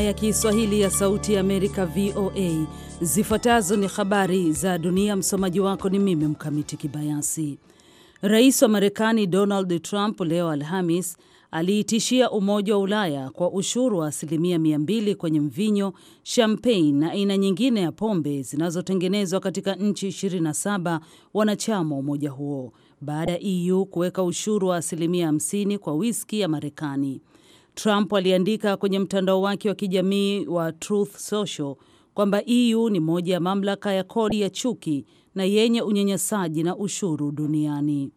idhaa ya Kiswahili ya Sauti ya Amerika, VOA. Zifuatazo ni habari za dunia. Msomaji wako ni mimi Mkamiti Kibayasi. Rais wa Marekani Donald Trump leo Alhamis aliitishia Umoja wa Ulaya kwa ushuru wa asilimia mia mbili kwenye mvinyo, champagne na aina nyingine ya pombe zinazotengenezwa katika nchi 27 wanachama wa umoja huo baada ya EU kuweka ushuru wa asilimia 50 kwa wiski ya Marekani. Trump aliandika kwenye mtandao wake wa kijamii wa Truth Social kwamba EU ni moja ya mamlaka ya kodi ya chuki na yenye unyanyasaji na ushuru duniani.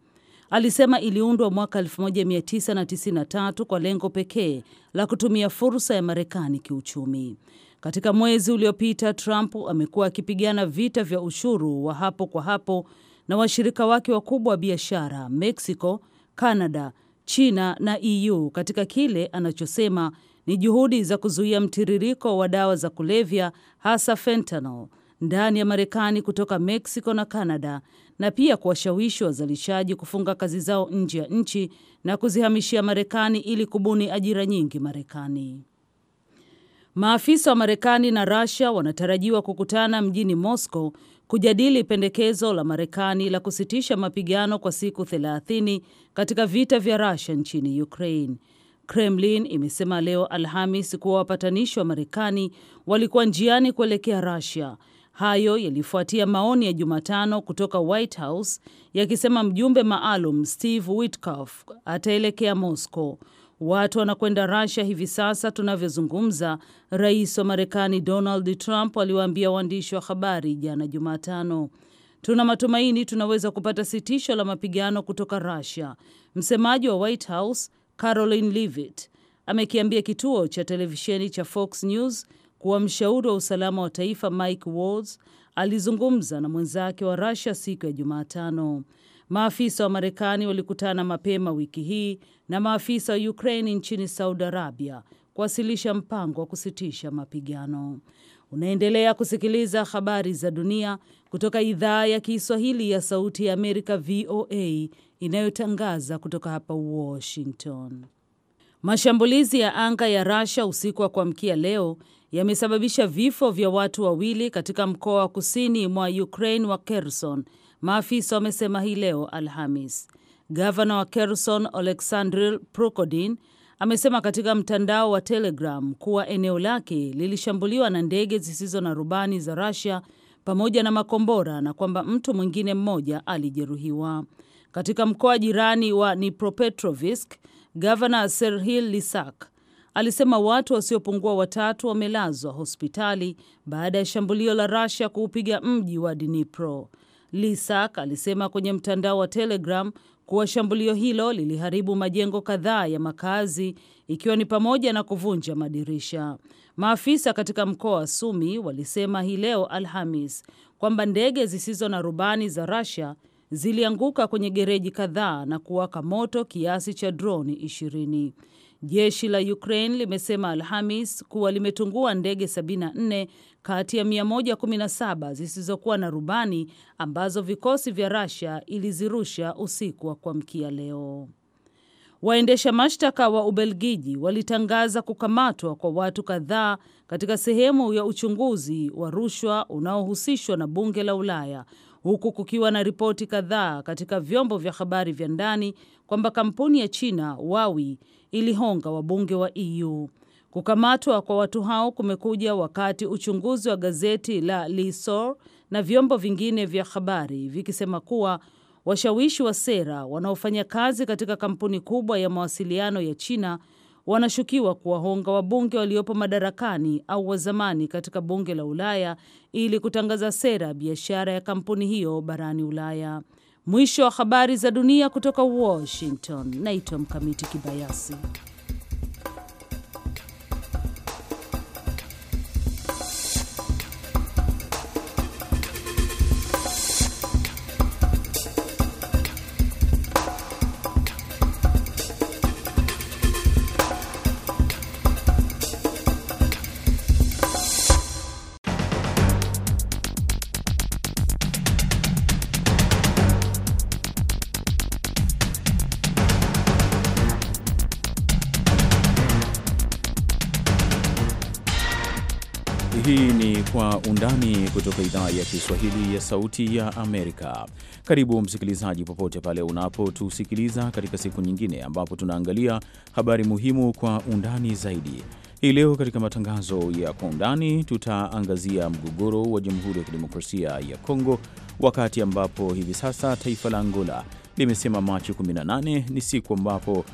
Alisema iliundwa mwaka 1993 kwa lengo pekee la kutumia fursa ya Marekani kiuchumi. Katika mwezi uliopita, Trump amekuwa akipigana vita vya ushuru wa hapo kwa hapo na washirika wake wakubwa wa biashara Mexico, Canada China na EU katika kile anachosema ni juhudi za kuzuia mtiririko wa dawa za kulevya hasa fentanyl ndani ya Marekani kutoka Mexico na Canada na pia kuwashawishi wazalishaji kufunga kazi zao nje ya nchi na kuzihamishia Marekani ili kubuni ajira nyingi Marekani. Maafisa wa Marekani na Russia wanatarajiwa kukutana mjini Moscow kujadili pendekezo la Marekani la kusitisha mapigano kwa siku 30 katika vita vya Rusia nchini Ukraine. Kremlin imesema leo Alhamis kuwa wapatanishi wa Marekani walikuwa njiani kuelekea Rusia. Hayo yalifuatia maoni ya Jumatano kutoka White House yakisema mjumbe maalum Steve Witkoff ataelekea Moscow. Watu wanakwenda Rasia hivi sasa tunavyozungumza. Rais wa Marekani Donald Trump aliwaambia waandishi wa habari jana Jumatano, tuna matumaini tunaweza kupata sitisho la mapigano kutoka Rasia. Msemaji wa White House Caroline Leavitt amekiambia kituo cha televisheni cha Fox News kuwa mshauri wa usalama wa taifa Mike Waltz alizungumza na mwenzake wa rasia siku ya Jumatano. Maafisa wa Marekani walikutana mapema wiki hii na maafisa wa Ukraini nchini Saudi Arabia kuwasilisha mpango wa kusitisha mapigano. Unaendelea kusikiliza habari za dunia kutoka idhaa ya Kiswahili ya Sauti ya Amerika, VOA, inayotangaza kutoka hapa Washington. Mashambulizi ya anga ya rasha usiku wa kuamkia leo yamesababisha vifo vya watu wawili katika mkoa wa kusini mwa Ukraine wa Kherson maafisa wamesema hii leo Alhamis. Gavana wa Kherson Oleksandr Prokodin amesema katika mtandao wa Telegram kuwa eneo lake lilishambuliwa na ndege zisizo na rubani za rasia pamoja na makombora na kwamba mtu mwingine mmoja alijeruhiwa. Katika mkoa jirani wa nipropetrovisk gavana Serhil Lisak alisema watu wasiopungua watatu wamelazwa hospitali baada ya shambulio la Russia kuupiga mji wa Dnipro. Lisak alisema kwenye mtandao wa Telegram kuwa shambulio hilo liliharibu majengo kadhaa ya makazi ikiwa ni pamoja na kuvunja madirisha. Maafisa katika mkoa wa Sumi walisema hii leo Alhamis kwamba ndege zisizo na rubani za Russia zilianguka kwenye gereji kadhaa na kuwaka moto kiasi cha droni ishirini. Jeshi la Ukraine limesema Alhamis kuwa limetungua ndege 74 kati ya 117 zisizokuwa na rubani ambazo vikosi vya Russia ilizirusha usiku wa kuamkia leo. Waendesha mashtaka wa Ubelgiji walitangaza kukamatwa kwa watu kadhaa katika sehemu ya uchunguzi wa rushwa unaohusishwa na bunge la Ulaya huku kukiwa na ripoti kadhaa katika vyombo vya habari vya ndani kwamba kampuni ya China Huawei ilihonga wabunge wa EU. Kukamatwa kwa watu hao kumekuja wakati uchunguzi wa gazeti la Lisor na vyombo vingine vya habari vikisema kuwa washawishi wa sera wanaofanya kazi katika kampuni kubwa ya mawasiliano ya China wanashukiwa kuwahonga wabunge waliopo madarakani au wa zamani katika bunge la Ulaya ili kutangaza sera biashara ya kampuni hiyo barani Ulaya. Mwisho wa habari za dunia kutoka Washington. Naitwa Mkamiti Kibayasi. undani kutoka idhaa ya Kiswahili ya Sauti ya Amerika. Karibu msikilizaji, popote pale unapotusikiliza katika siku nyingine ambapo tunaangalia habari muhimu kwa undani zaidi. Hii leo katika matangazo ya kwa undani tutaangazia mgogoro wa Jamhuri ya Kidemokrasia ya Kongo, wakati ambapo hivi sasa taifa la Angola limesema Machi 18 ni siku ambapo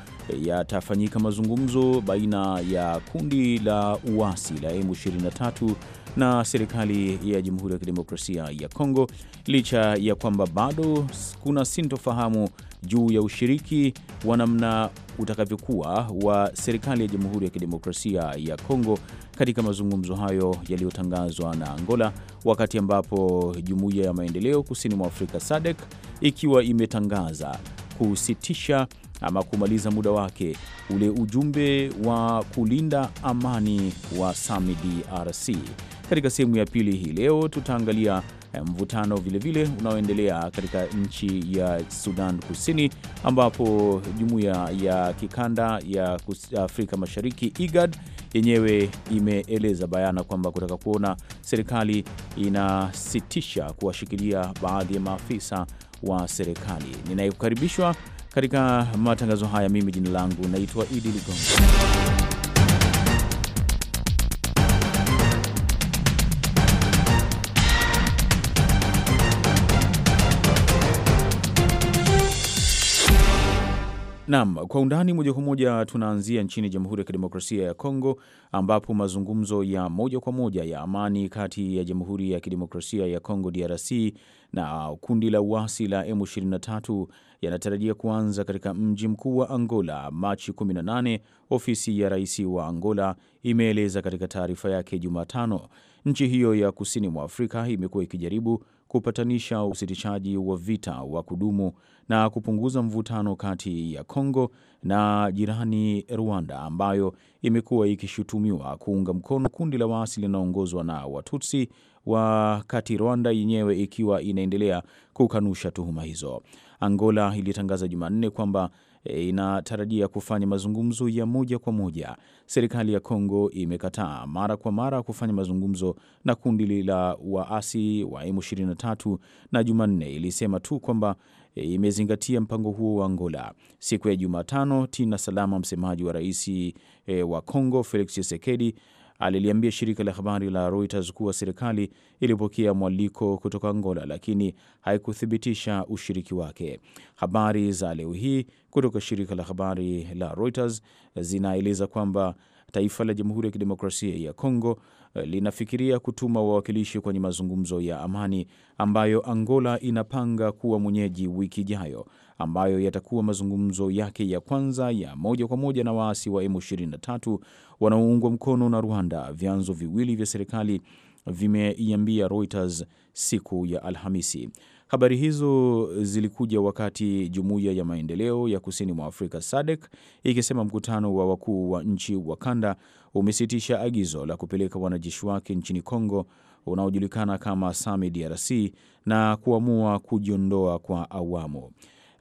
yatafanyika mazungumzo baina ya kundi la uasi la M23 na serikali ya Jamhuri ya Kidemokrasia ya Kongo, licha ya kwamba bado kuna sintofahamu juu ya ushiriki wa namna utakavyokuwa wa serikali ya Jamhuri ya Kidemokrasia ya Kongo katika mazungumzo hayo yaliyotangazwa na Angola, wakati ambapo Jumuiya ya Maendeleo Kusini mwa Afrika SADC ikiwa imetangaza kusitisha ama kumaliza muda wake ule ujumbe wa kulinda amani wa SAMI DRC. Katika sehemu ya pili hii leo tutaangalia eh, mvutano vilevile unaoendelea katika nchi ya Sudan Kusini, ambapo jumuiya ya kikanda ya Afrika Mashariki IGAD yenyewe imeeleza bayana kwamba kutaka kuona serikali inasitisha kuwashikilia baadhi ya maafisa wa serikali. Ninayekukaribishwa katika matangazo haya, mimi jina langu naitwa Idi Ligongo. Naam, kwa undani moja kwa moja tunaanzia nchini Jamhuri ya Kidemokrasia ya Kongo ambapo mazungumzo ya moja kwa moja ya amani kati ya Jamhuri ya Kidemokrasia ya Kongo DRC na kundi la uasi la M23 yanatarajia kuanza katika mji mkuu wa Angola Machi 18, ofisi ya rais wa Angola imeeleza katika taarifa yake Jumatano. Nchi hiyo ya kusini mwa Afrika imekuwa ikijaribu kupatanisha usitishaji wa vita wa kudumu na kupunguza mvutano kati ya Kongo na jirani Rwanda, ambayo imekuwa ikishutumiwa kuunga mkono kundi la waasi linaloongozwa na Watutsi, wakati Rwanda yenyewe ikiwa inaendelea kukanusha tuhuma hizo. Angola ilitangaza Jumanne kwamba e, inatarajia kufanya mazungumzo ya moja kwa moja. Serikali ya Kongo imekataa mara kwa mara kufanya mazungumzo na kundi la waasi wa M23 na Jumanne ilisema tu kwamba e, imezingatia mpango huo wa Angola. Siku ya Jumatano, Tina Salama, msemaji wa rais e, wa Kongo Felix Tshisekedi aliliambia shirika la habari la Reuters kuwa serikali ilipokea mwaliko kutoka Angola, lakini haikuthibitisha ushiriki wake. Habari za leo hii kutoka shirika la habari la Reuters zinaeleza kwamba taifa la Jamhuri ya Kidemokrasia ya Kongo eh, linafikiria kutuma wawakilishi kwenye mazungumzo ya amani ambayo Angola inapanga kuwa mwenyeji wiki ijayo ambayo yatakuwa mazungumzo yake ya kwanza ya moja kwa moja na waasi wa M23 wanaoungwa mkono na Rwanda, vyanzo viwili vya serikali vimeiambia Reuters siku ya Alhamisi. Habari hizo zilikuja wakati Jumuiya ya Maendeleo ya Kusini mwa Afrika SADC ikisema mkutano wa wakuu wa nchi wa kanda umesitisha agizo la kupeleka wanajeshi wake nchini Kongo unaojulikana kama SAMI DRC na kuamua kujiondoa kwa awamu.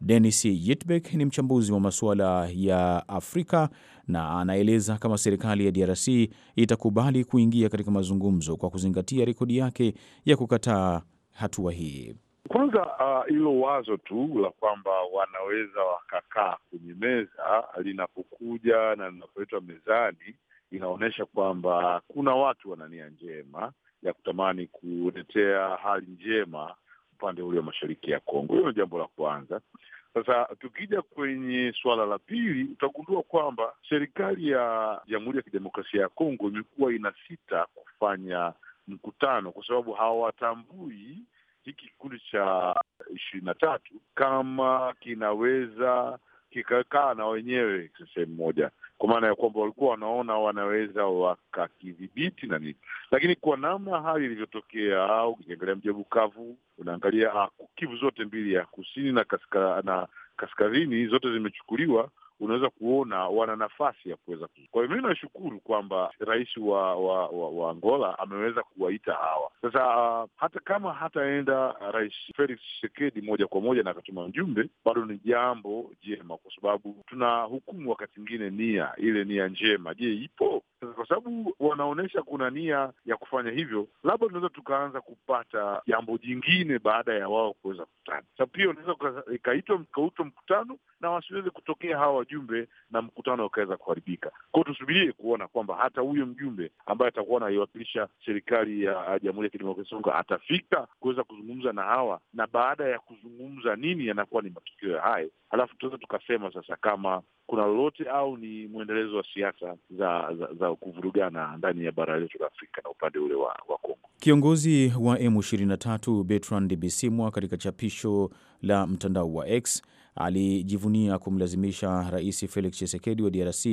Denis Yitbek ni mchambuzi wa masuala ya Afrika na anaeleza kama serikali ya DRC itakubali kuingia katika mazungumzo kwa kuzingatia rekodi yake ya kukataa hatua hii. Kwanza hilo uh, wazo tu la kwamba wanaweza wakakaa kwenye meza linapokuja na linapoletwa mezani inaonyesha kwamba kuna watu wana nia njema ya kutamani kuletea hali njema upande ule wa mashariki ya Kongo. Hilo ni jambo la kwanza. Sasa tukija kwenye suala la pili, utagundua kwamba serikali ya Jamhuri ya Kidemokrasia ya Kongo imekuwa inasita kufanya mkutano kwa sababu hawatambui hiki kikundi cha ishirini na tatu kama kinaweza kikakaa na wenyewe sehemu moja, kwa maana ya kwamba walikuwa wanaona wanaweza wakakidhibiti na nini, lakini kwa namna hali ilivyotokea, au ukiangalia mji wa Bukavu, unaangalia ah, Kivu zote mbili ya kusini na kaskazini, zote zimechukuliwa unaweza kuona wana nafasi ya kuweza ku. Kwa hiyo mimi nashukuru kwamba rais wa, wa, wa, wa Angola ameweza kuwaita hawa sasa. Uh, hata kama hataenda rais Felix Tshisekedi moja kwa moja na akatuma mjumbe, bado ni jambo jema, kwa sababu tuna hukumu wakati mwingine nia ile nia njema, je, ipo? Kwa sababu wanaonyesha kuna nia ya kufanya hivyo, labda tunaweza tukaanza kupata jambo jingine baada ya wao kuweza kukutana. Sababu pia unaweza ikaitwa mkutano na wasiweze kutokea hawa wajumbe na mkutano ukaweza kuharibika. Kwao tusubirie kuona kwamba hata huyo mjumbe ambaye atakuwa anaiwakilisha serikali ya Jamhuri ya Kidemokrasia Kongo atafika kuweza kuzungumza na hawa, na baada ya kuzungumza nini yanakuwa ni matukio ya hayo, halafu tunaweza tukasema sasa kama kuna lolote au ni mwendelezo wa siasa za, za, za za kuvurugana ndani ya bara letu la Afrika na upande ule wa, wa Kongo. Kiongozi wa M23 Bertrand Bisimwa katika chapisho la mtandao wa X alijivunia kumlazimisha Rais Felix Tshisekedi wa DRC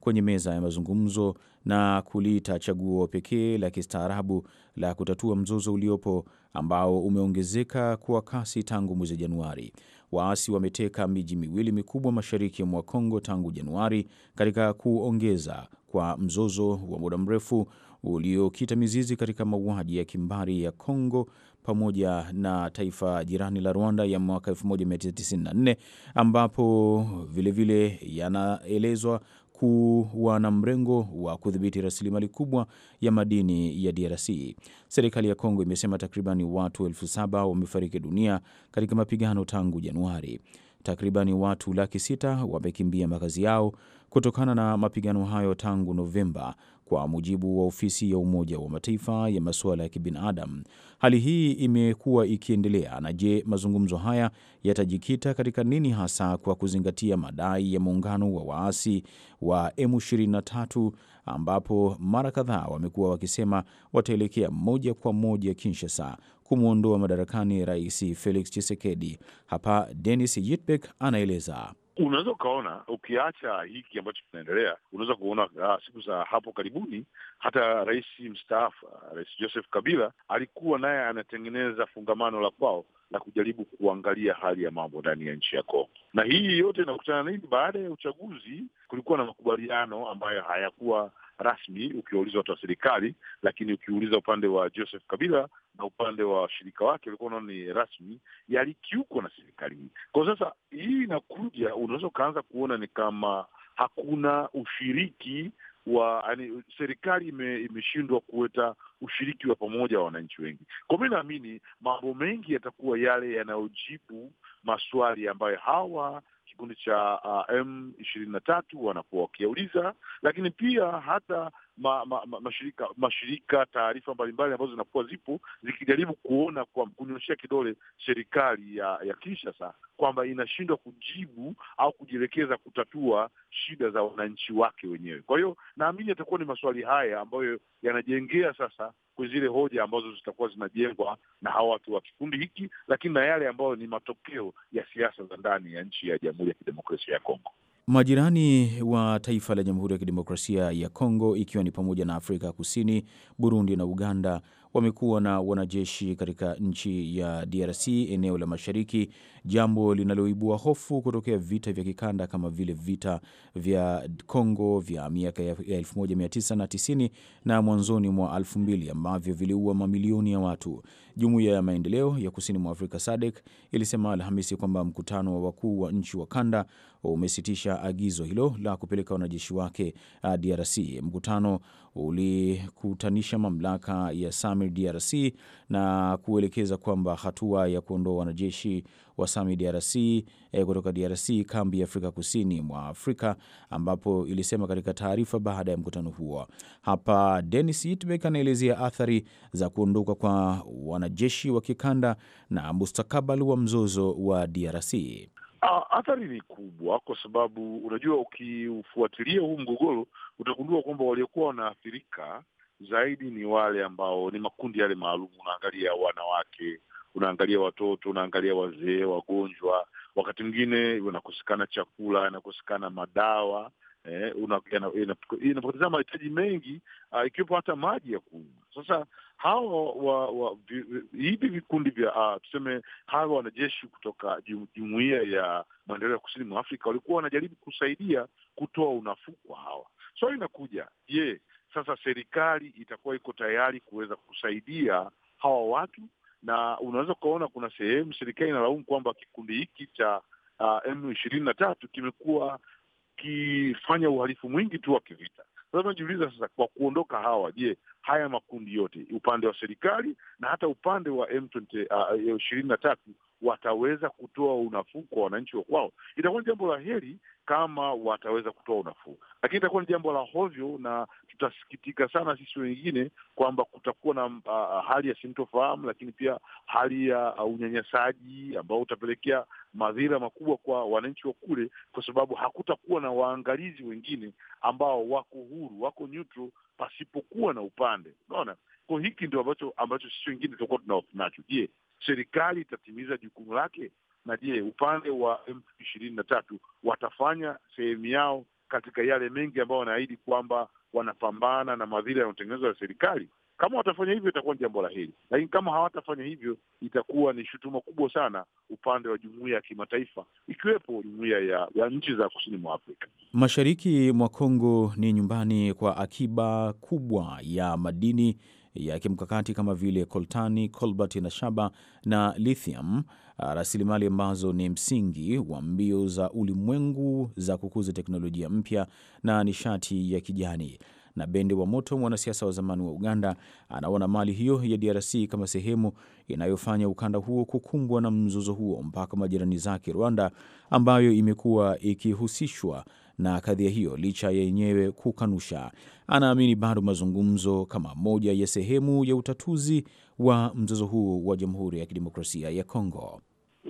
kwenye meza ya mazungumzo na kuliita chaguo pekee la kistaarabu la kutatua mzozo uliopo ambao umeongezeka kwa kasi tangu mwezi Januari. Waasi wameteka miji miwili mikubwa mashariki mwa Kongo tangu Januari katika kuongeza kwa mzozo wa muda mrefu uliokita mizizi katika mauaji ya kimbari ya Kongo pamoja na taifa jirani la Rwanda ya mwaka 1994 ambapo vilevile yanaelezwa kuwa na mrengo wa kudhibiti rasilimali kubwa ya madini ya DRC. Serikali ya Kongo imesema takriban watu elfu saba wamefariki dunia katika mapigano tangu Januari. Takribani watu laki sita wamekimbia makazi yao kutokana na mapigano hayo tangu Novemba, kwa mujibu wa ofisi ya Umoja wa Mataifa ya masuala ya kibinadamu. Hali hii imekuwa ikiendelea. Na je, mazungumzo haya yatajikita katika nini hasa, kwa kuzingatia madai ya muungano wa waasi wa M23 ambapo mara kadhaa wamekuwa wakisema wataelekea moja kwa moja Kinshasa kumwondoa madarakani Rais Felix chisekedi Hapa Denis Yitbek anaeleza. Unaweza ukaona ukiacha hiki ambacho kinaendelea, unaweza kuona uh, siku za hapo karibuni, hata rais mstaafu, ah, rais Joseph Kabila alikuwa naye anatengeneza fungamano la kwao na kujaribu kuangalia hali ya mambo ndani ya nchi ya Kongo. Na hii yote inakutana nini? Baada ya uchaguzi kulikuwa na makubaliano ambayo hayakuwa rasmi ukiwauliza watu wa serikali, lakini ukiuliza upande wa Joseph Kabila na upande wa washirika wake walikuwa naona ni rasmi, yalikiukwa na serikali hii. Kwa sasa hii inakuja, unaweza ukaanza kuona ni kama hakuna ushiriki wa yani, serikali imeshindwa ime kuweta ushiriki wa pamoja wa wananchi wengi. Kwa mi naamini mambo mengi yatakuwa yale yanayojibu maswali ambayo hawa kikundi cha uh, M ishirini na tatu wanakuwa wakiauliza, lakini pia hata ma, ma, ma, mashirika mashirika taarifa mbalimbali ambazo zinakuwa zipo zikijaribu kuona kwa kunyoshea kidole serikali ya ya Kinshasa kwamba inashindwa kujibu au kujielekeza kutatua shida za wananchi wake wenyewe. Kwa hiyo naamini yatakuwa ni maswali haya ambayo yanajengea sasa kwenye zile hoja ambazo zitakuwa zinajengwa na hawa watu wa kikundi hiki, lakini na yale ambayo ni matokeo ya siasa za ndani ya nchi ya Jamhuri ya Kidemokrasia ya Kongo. Majirani wa taifa la Jamhuri ya Kidemokrasia ya Kongo ikiwa ni pamoja na Afrika Kusini, Burundi na Uganda wamekuwa na wanajeshi katika nchi ya DRC eneo la mashariki, jambo linaloibua hofu kutokea vita vya kikanda kama vile vita vya Kongo vya miaka ya 1990 na mwanzoni mwa 2000 ambavyo viliua mamilioni ya watu. Jumuiya ya maendeleo ya kusini mwa Afrika SADC ilisema Alhamisi kwamba mkutano wa wakuu wa nchi wa kanda umesitisha agizo hilo la kupeleka wanajeshi wake uh, DRC. Mkutano ulikutanisha mamlaka ya SAMI DRC na kuelekeza kwamba hatua ya kuondoa wanajeshi wa SAMI DRC eh, kutoka DRC kambi ya Afrika kusini mwa Afrika, ambapo ilisema katika taarifa baada ya mkutano huo. Hapa Denis Itbek anaelezea athari za kuondoka kwa wanajeshi wanajeshi wa kikanda na mustakabali wa mzozo wa DRC? Ah, athari ni kubwa, kwa sababu unajua, ukiufuatilia huu mgogoro utagundua kwamba waliokuwa wanaathirika zaidi ni wale ambao ni makundi yale maalum. Unaangalia wanawake, unaangalia watoto, unaangalia wazee, wagonjwa, wakati mwingine wanakosekana chakula, anakosekana madawa eh, inapoteza mahitaji mengi uh, ikiwepo hata maji ya kunywa. Sasa hawa wa, wa, vi, hivi vikundi vya uh, tuseme hawa wanajeshi kutoka jumuiya ya maendeleo ya kusini mwa Afrika walikuwa wanajaribu kusaidia kutoa unafuu kwa hawa. Swali so, inakuja je, sasa serikali itakuwa iko tayari kuweza kusaidia hawa watu? Na unaweza ukaona kuna sehemu serikali inalaumu kwamba kikundi hiki cha uh, M ishirini na tatu kimekuwa wakifanya uhalifu mwingi tu wa kivita. Sasa najiuliza sasa, kwa kuondoka hawa, je, haya makundi yote, upande wa serikali na hata upande wa m uh, uh, ishirini na tatu wataweza kutoa unafuu kwa wananchi wa kwao. Itakuwa ni jambo la heri kama wataweza kutoa unafuu, lakini itakuwa ni jambo la hovyo, na tutasikitika sana sisi wengine kwamba kutakuwa na uh, uh hali ya sintofahamu, lakini pia hali ya uh, unyanyasaji ambao utapelekea madhira makubwa kwa wananchi wa kule, kwa sababu hakutakuwa na waangalizi wengine ambao wako huru, wako neutral pasipokuwa na upande. Unaona, ko hiki ndio ambacho ambacho sisi wengine tutakuwa tunanacho Je, serikali itatimiza jukumu lake? Na je, upande wa m ishirini na tatu watafanya sehemu yao katika yale mengi ambayo wanaahidi kwamba wanapambana na madhila yanayotengenezwa na serikali? Kama watafanya hivyo itakuwa ni jambo la hili lakini kama hawatafanya hivyo itakuwa ni shutuma kubwa sana upande wa jumuiya ya kimataifa ikiwepo jumuia ya, ya nchi za kusini mwa Afrika. Mashariki mwa Kongo ni nyumbani kwa akiba kubwa ya madini ya kimkakati kama vile coltani, colbert na shaba na lithium, ah, rasilimali ambazo ni msingi wa mbio za ulimwengu za kukuza teknolojia mpya na nishati ya kijani na Bende wa Moto, mwanasiasa wa zamani wa Uganda, anaona mali hiyo ya DRC kama sehemu inayofanya ukanda huo kukumbwa na mzozo huo mpaka majirani zake Rwanda, ambayo imekuwa ikihusishwa na kadhia hiyo licha ya yenyewe kukanusha. Anaamini bado mazungumzo kama moja ya sehemu ya utatuzi wa mzozo huo wa Jamhuri ya Kidemokrasia ya Kongo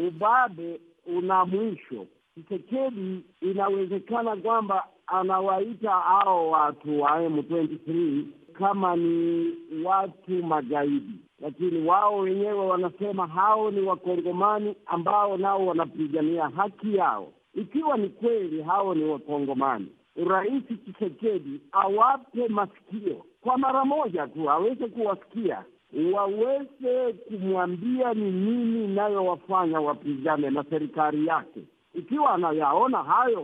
ubabe una mwisho. Tshisekedi inawezekana kwamba anawaita hao watu wa M23 kama ni watu magaidi, lakini wao wenyewe wanasema hao ni wakongomani ambao nao wanapigania haki yao. Ikiwa ni kweli hao ni wakongomani, Rais Tshisekedi awape masikio kwa mara moja tu, aweze kuwasikia waweze kumwambia ni nini inayowafanya wapigane na serikali yake. Ikiwa anayaona hayo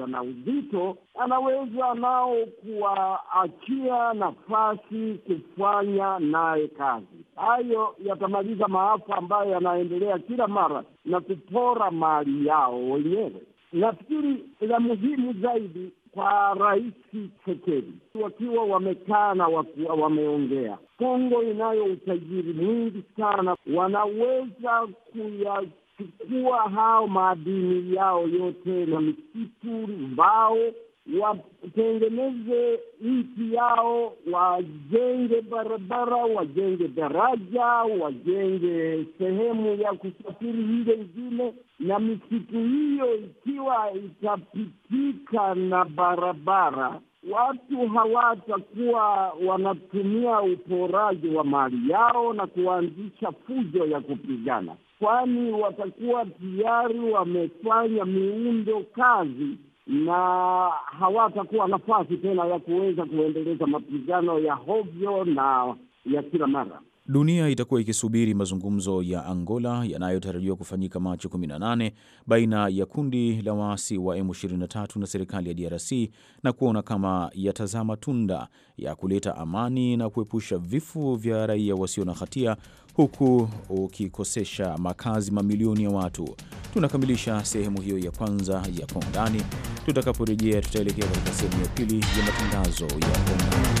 yana uzito, anaweza nao kuwaachia nafasi kufanya naye kazi. Hayo yatamaliza maafa ambayo yanaendelea kila mara na kupora mali yao wenyewe. Nafikiri la muhimu zaidi kwa Rais sekeli wakiwa wamekaa na wakiwa wameongea, Kongo inayo utajiri mwingi sana, wanaweza kuya kuchukua hao madini yao yote na misitu, mbao, watengeneze nchi yao, wajenge barabara, wajenge daraja, wajenge sehemu ya kusafiri hile ingine. Na misitu hiyo ikiwa itapitika na barabara, watu hawatakuwa wanatumia uporaji wa mali yao na kuanzisha fujo ya kupigana kwani watakuwa tayari wamefanya miundo kazi na hawatakuwa nafasi tena ya kuweza kuendeleza mapigano ya hovyo na ya kila mara. Dunia itakuwa ikisubiri mazungumzo ya Angola yanayotarajiwa kufanyika Machi 18 baina ya kundi la waasi wa M23 na serikali ya DRC na kuona kama yatazaa matunda ya kuleta amani na kuepusha vifo vya raia wasio na hatia huku ukikosesha makazi mamilioni ya watu. Tunakamilisha sehemu hiyo ya kwanza ya Kwa Undani. Tutakaporejea, tutaelekea katika sehemu ya pili ya matangazo ya Kwa Undani.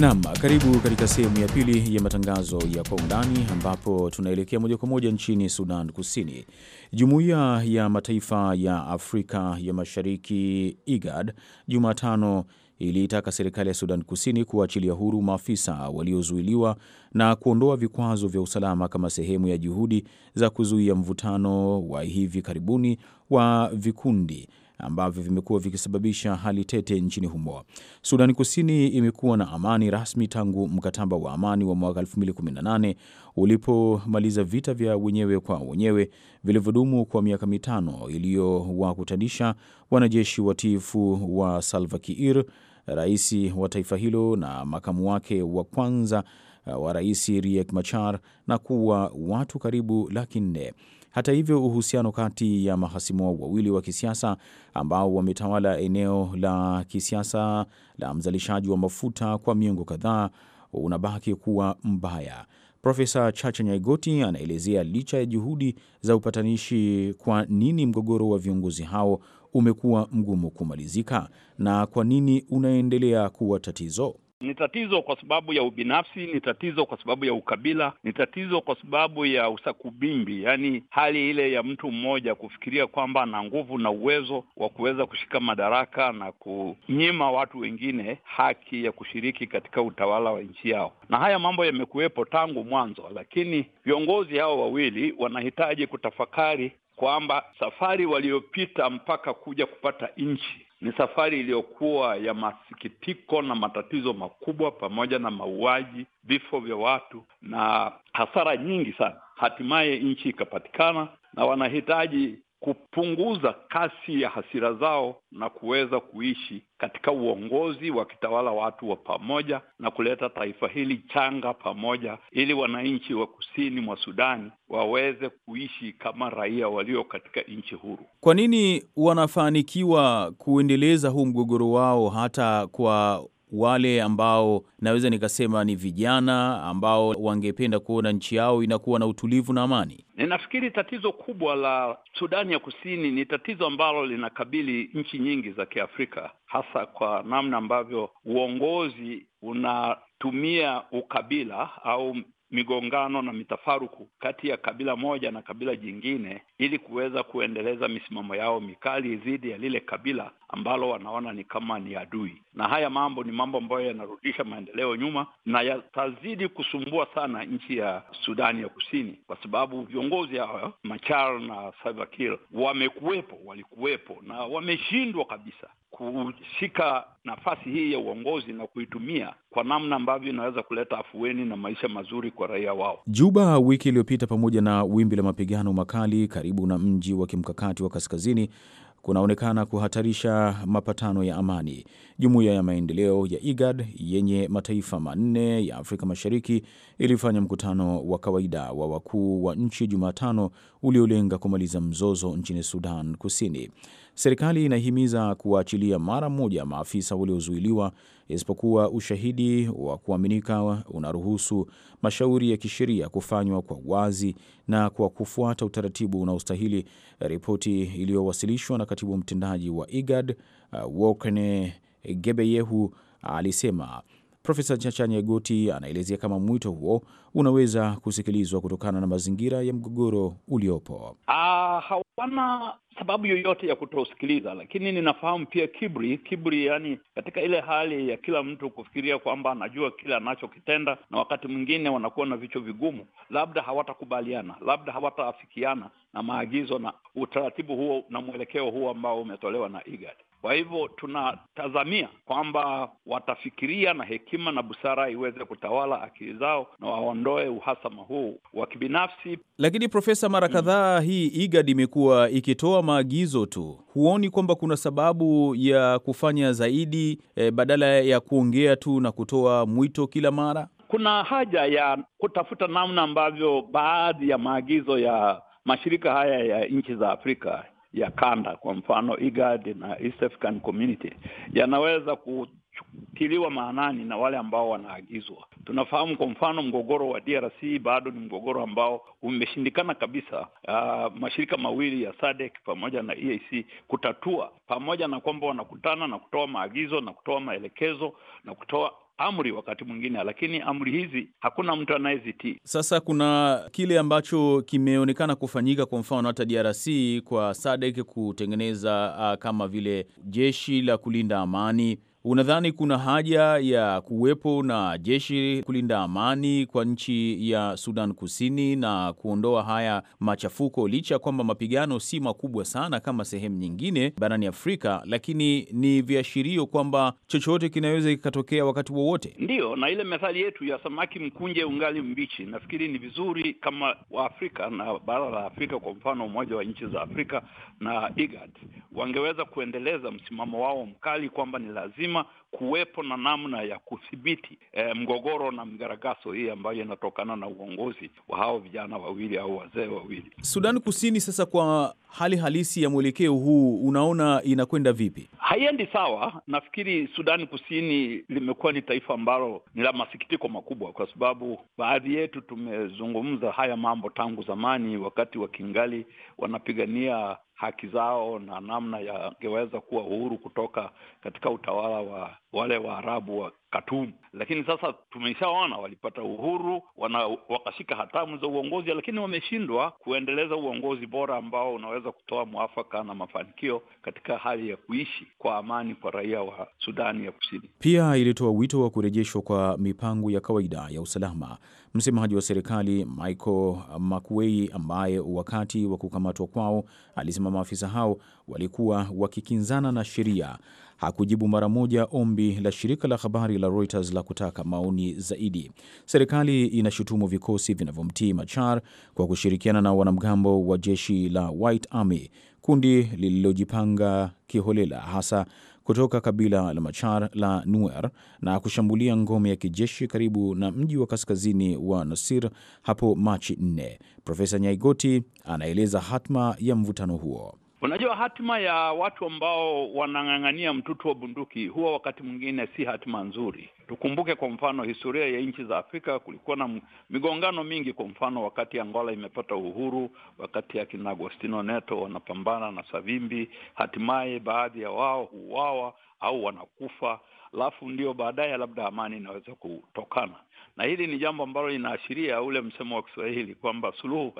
nam karibu katika sehemu ya pili ya matangazo ya kwa undani ambapo tunaelekea moja kwa moja nchini Sudan Kusini. Jumuiya ya Mataifa ya Afrika ya Mashariki IGAD Jumatano iliitaka serikali ya Sudan Kusini kuachilia huru maafisa waliozuiliwa na kuondoa vikwazo vya usalama kama sehemu ya juhudi za kuzuia mvutano wa hivi karibuni wa vikundi ambavyo vimekuwa vikisababisha hali tete nchini humo. Sudani Kusini imekuwa na amani rasmi tangu mkataba wa amani wa mwaka 2018 ulipomaliza vita vya wenyewe kwa wenyewe vilivyodumu kwa miaka mitano iliyowakutanisha wanajeshi watiifu wa Salva Kiir, rais wa taifa hilo na makamu wake wa kwanza eh, wa rais Riek Machar na kuwa watu karibu laki nne. Hata hivyo, uhusiano kati ya mahasimu wawili wa kisiasa ambao wametawala eneo la kisiasa la mzalishaji wa mafuta kwa miongo kadhaa unabaki kuwa mbaya. Profesa Chacha Nyaigoti anaelezea licha ya juhudi za upatanishi, kwa nini mgogoro wa viongozi hao umekuwa mgumu kumalizika na kwa nini unaendelea kuwa tatizo. Ni tatizo kwa sababu ya ubinafsi, ni tatizo kwa sababu ya ukabila, ni tatizo kwa sababu ya usakubimbi, yaani hali ile ya mtu mmoja kufikiria kwamba ana nguvu na uwezo wa kuweza kushika madaraka na kunyima watu wengine haki ya kushiriki katika utawala wa nchi yao. Na haya mambo yamekuwepo tangu mwanzo, lakini viongozi hao wawili wanahitaji kutafakari kwamba safari waliyopita mpaka kuja kupata nchi ni safari iliyokuwa ya masikitiko na matatizo makubwa, pamoja na mauaji, vifo vya watu na hasara nyingi sana. Hatimaye nchi ikapatikana, na wanahitaji kupunguza kasi ya hasira zao na kuweza kuishi katika uongozi wakitawala watu wa pamoja na kuleta taifa hili changa pamoja, ili wananchi wa kusini mwa Sudani waweze kuishi kama raia walio katika nchi huru. Kwa nini wanafanikiwa kuendeleza huu mgogoro wao hata kwa wale ambao naweza nikasema ni vijana ambao wangependa kuona nchi yao inakuwa na utulivu na amani. Ninafikiri tatizo kubwa la Sudani ya Kusini ni tatizo ambalo linakabili nchi nyingi za Kiafrika, hasa kwa namna ambavyo uongozi unatumia ukabila au migongano na mitafaruku kati ya kabila moja na kabila jingine ili kuweza kuendeleza misimamo yao mikali dhidi ya lile kabila ambalo wanaona ni kama ni adui, na haya mambo ni mambo ambayo yanarudisha maendeleo nyuma na yatazidi kusumbua sana nchi ya Sudani ya Kusini, kwa sababu viongozi hawa Machar na Salva Kiir wamekuwepo, walikuwepo na wameshindwa kabisa kushika nafasi hii ya uongozi na kuitumia kwa namna ambavyo inaweza kuleta afueni na maisha mazuri kwa raia wao. Juba wiki iliyopita, pamoja na wimbi la mapigano makali karibu na mji wa kimkakati wa kaskazini kunaonekana kuhatarisha mapatano ya amani. Jumuiya ya maendeleo ya IGAD yenye mataifa manne ya Afrika Mashariki ilifanya mkutano wa kawaida wa wakuu wa nchi Jumatano uliolenga kumaliza mzozo nchini Sudan Kusini. Serikali inahimiza kuwaachilia mara moja maafisa waliozuiliwa, isipokuwa ushahidi wa kuaminika unaruhusu mashauri ya kisheria kufanywa kwa wazi na kwa kufuata utaratibu unaostahili. Ripoti iliyowasilishwa na katibu mtendaji wa IGAD uh, Wokne Gebeyehu alisema Profesa Chacha Nyegoti anaelezea kama mwito huo unaweza kusikilizwa kutokana na mazingira ya mgogoro uliopo. Uh, hawana sababu yoyote ya kutosikiliza, lakini ninafahamu pia kibri kibri, yani, katika ile hali ya kila mtu kufikiria kwamba anajua kile anachokitenda, na wakati mwingine wanakuwa na vichwa vigumu, labda hawatakubaliana, labda hawataafikiana na maagizo na utaratibu huo na mwelekeo huo ambao umetolewa na IGAD. Kwa hivyo tunatazamia kwamba watafikiria na hekima na busara iweze kutawala akili zao na waondoe uhasama huu wa kibinafsi. Lakini Profesa, mara kadhaa mm, hii IGAD imekuwa ikitoa maagizo tu, huoni kwamba kuna sababu ya kufanya zaidi e, badala ya kuongea tu na kutoa mwito kila mara? Kuna haja ya kutafuta namna ambavyo baadhi ya maagizo ya mashirika haya ya nchi za Afrika ya kanda, kwa mfano IGAD na East African Community yanaweza kutiliwa maanani na wale ambao wanaagizwa. Tunafahamu kwa mfano mgogoro wa DRC bado ni mgogoro ambao umeshindikana kabisa, uh, mashirika mawili ya SADC pamoja na EAC kutatua, pamoja na kwamba wanakutana na kutoa maagizo na kutoa maelekezo na kutoa amri wakati mwingine, lakini amri hizi hakuna mtu anayezitii. Sasa kuna kile ambacho kimeonekana kufanyika, kwa mfano hata DRC kwa SADC kutengeneza uh, kama vile jeshi la kulinda amani Unadhani kuna haja ya kuwepo na jeshi kulinda amani kwa nchi ya Sudan Kusini na kuondoa haya machafuko, licha kwamba mapigano si makubwa sana kama sehemu nyingine barani Afrika, lakini ni viashirio kwamba chochote kinaweza kikatokea wakati wowote? Ndiyo, na ile methali yetu ya samaki mkunje ungali mbichi, nafikiri ni vizuri kama Waafrika na bara la Afrika, kwa mfano Umoja wa Nchi za Afrika na IGAD wangeweza kuendeleza msimamo wao mkali kwamba ni lazima comment kuwepo na namna ya kudhibiti e, mgogoro na migaragaso hii ambayo inatokana na uongozi wa hao vijana wawili au wazee wawili. Sudani Kusini sasa, kwa hali halisi ya mwelekeo huu, unaona inakwenda vipi? Haiendi sawa. Nafikiri Sudani Kusini limekuwa ni taifa ambalo ni la masikitiko makubwa, kwa sababu baadhi yetu tumezungumza haya mambo tangu zamani, wakati wa kingali wanapigania haki zao na namna yangeweza kuwa uhuru kutoka katika utawala wa wale Waarabu wa katumu Lakini sasa tumeshaona walipata uhuru, wana wakashika hatamu za uongozi, lakini wameshindwa kuendeleza uongozi bora ambao unaweza kutoa mwafaka na mafanikio katika hali ya kuishi kwa amani kwa raia wa Sudani ya Kusini. Pia ilitoa wito wa kurejeshwa kwa mipango ya kawaida ya usalama. Msemaji wa serikali Michael Makuei, ambaye wakati wa kukamatwa kwao alisema maafisa hao walikuwa wakikinzana na sheria hakujibu mara moja ombi la shirika la habari la Reuters la kutaka maoni zaidi. Serikali inashutumu vikosi vinavyomtii Machar kwa kushirikiana na wanamgambo wa jeshi la White Army, kundi lililojipanga kiholela hasa kutoka kabila la Machar la Nuer na kushambulia ngome ya kijeshi karibu na mji wa kaskazini wa Nasir hapo Machi 4. Profesa Nyaigoti anaeleza hatma ya mvutano huo. Unajua, hatima ya watu ambao wanang'ang'ania mtutu wa bunduki huwa wakati mwingine si hatima nzuri. Tukumbuke kwa mfano historia ya nchi za Afrika, kulikuwa na migongano mingi. Kwa mfano wakati Angola imepata uhuru, wakati akina Agostino Neto wanapambana na Savimbi, hatimaye baadhi ya wao huuawa au wanakufa, alafu ndio baadaye labda amani inaweza kutokana na hili ni jambo ambalo linaashiria ule msemo wa Kiswahili kwamba suluhu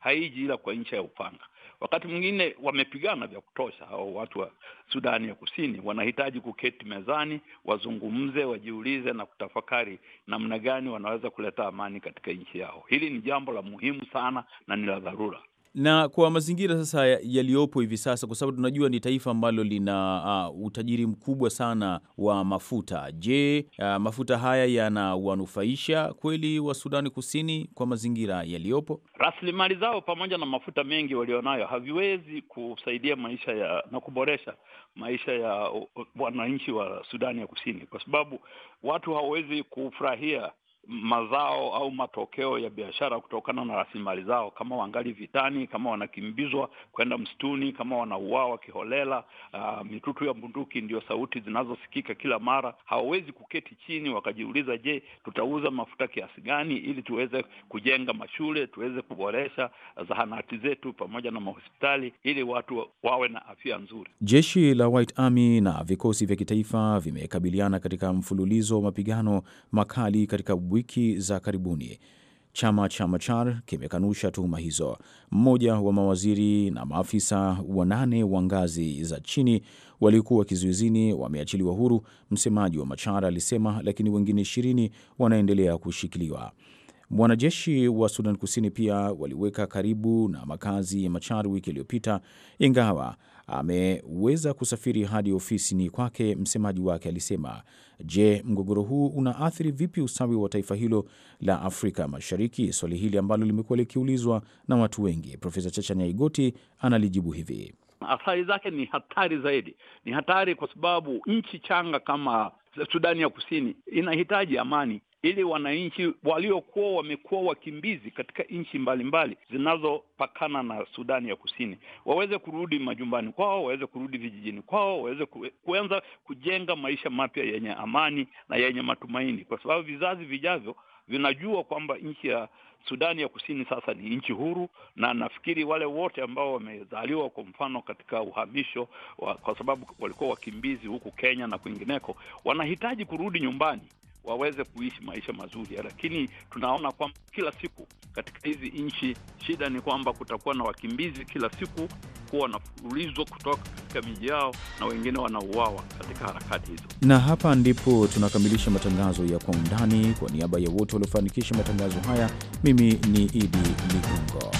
haiji ila kwa ncha ya upanga. Wakati mwingine wamepigana vya kutosha hao watu wa Sudani ya Kusini, wanahitaji kuketi mezani, wazungumze, wajiulize na kutafakari namna gani wanaweza kuleta amani katika nchi yao. Hili ni jambo la muhimu sana na ni la dharura na kwa mazingira sasa yaliyopo hivi sasa, kwa sababu tunajua ni taifa ambalo lina uh, utajiri mkubwa sana wa mafuta. Je, uh, mafuta haya yanawanufaisha kweli wa Sudani Kusini kwa mazingira yaliyopo? Rasilimali zao pamoja na mafuta mengi walionayo haviwezi kusaidia maisha ya na kuboresha maisha ya uh, wananchi wa Sudani ya Kusini, kwa sababu watu hawawezi kufurahia mazao au matokeo ya biashara kutokana na rasilimali zao, kama wangali vitani, kama wanakimbizwa kwenda msituni, kama wanauawa kiholela. Uh, mitutu ya bunduki ndio sauti zinazosikika kila mara. Hawawezi kuketi chini wakajiuliza, je, tutauza mafuta kiasi gani ili tuweze kujenga mashule, tuweze kuboresha zahanati zetu pamoja na mahospitali ili watu wawe na afya nzuri. Jeshi la White Army na vikosi vya kitaifa vimekabiliana katika mfululizo wa mapigano makali katika wiki za karibuni. Chama cha Machar kimekanusha tuhuma hizo. Mmoja wa mawaziri na maafisa wanane wa ngazi za chini waliokuwa kizuizini wameachiliwa huru, msemaji wa Machar alisema, lakini wengine ishirini wanaendelea kushikiliwa. Wanajeshi wa Sudan Kusini pia waliweka karibu na makazi ya Machar wiki iliyopita, ingawa ameweza kusafiri hadi ofisini kwake, msemaji wake alisema. Je, mgogoro huu unaathiri vipi ustawi wa taifa hilo la Afrika Mashariki? Swali hili ambalo limekuwa likiulizwa na watu wengi, Profesa Chacha Nyaigoti analijibu hivi. Athari zake ni hatari zaidi. Ni hatari kwa sababu nchi changa kama Sudani ya Kusini inahitaji amani, ili wananchi waliokuwa wamekuwa wakimbizi katika nchi mbalimbali zinazopakana na Sudani ya Kusini waweze kurudi majumbani kwao, waweze kurudi vijijini kwao, waweze kuanza kujenga maisha mapya yenye amani na yenye matumaini, kwa sababu vizazi vijavyo vinajua kwamba nchi ya Sudani ya Kusini sasa ni nchi huru, na nafikiri wale wote ambao wamezaliwa kwa mfano katika uhamisho wa, kwa sababu walikuwa wakimbizi huku Kenya na kwingineko, wanahitaji kurudi nyumbani waweze kuishi maisha mazuri, lakini tunaona kwamba kila siku katika hizi nchi shida ni kwamba kutakuwa na wakimbizi kila siku kuwa wanafululizwa kutoka katika miji yao na wengine wanauawa katika harakati hizo. Na hapa ndipo tunakamilisha matangazo ya Kwa Undani. Kwa niaba ya wote waliofanikisha matangazo haya, mimi ni Idi Ligongo.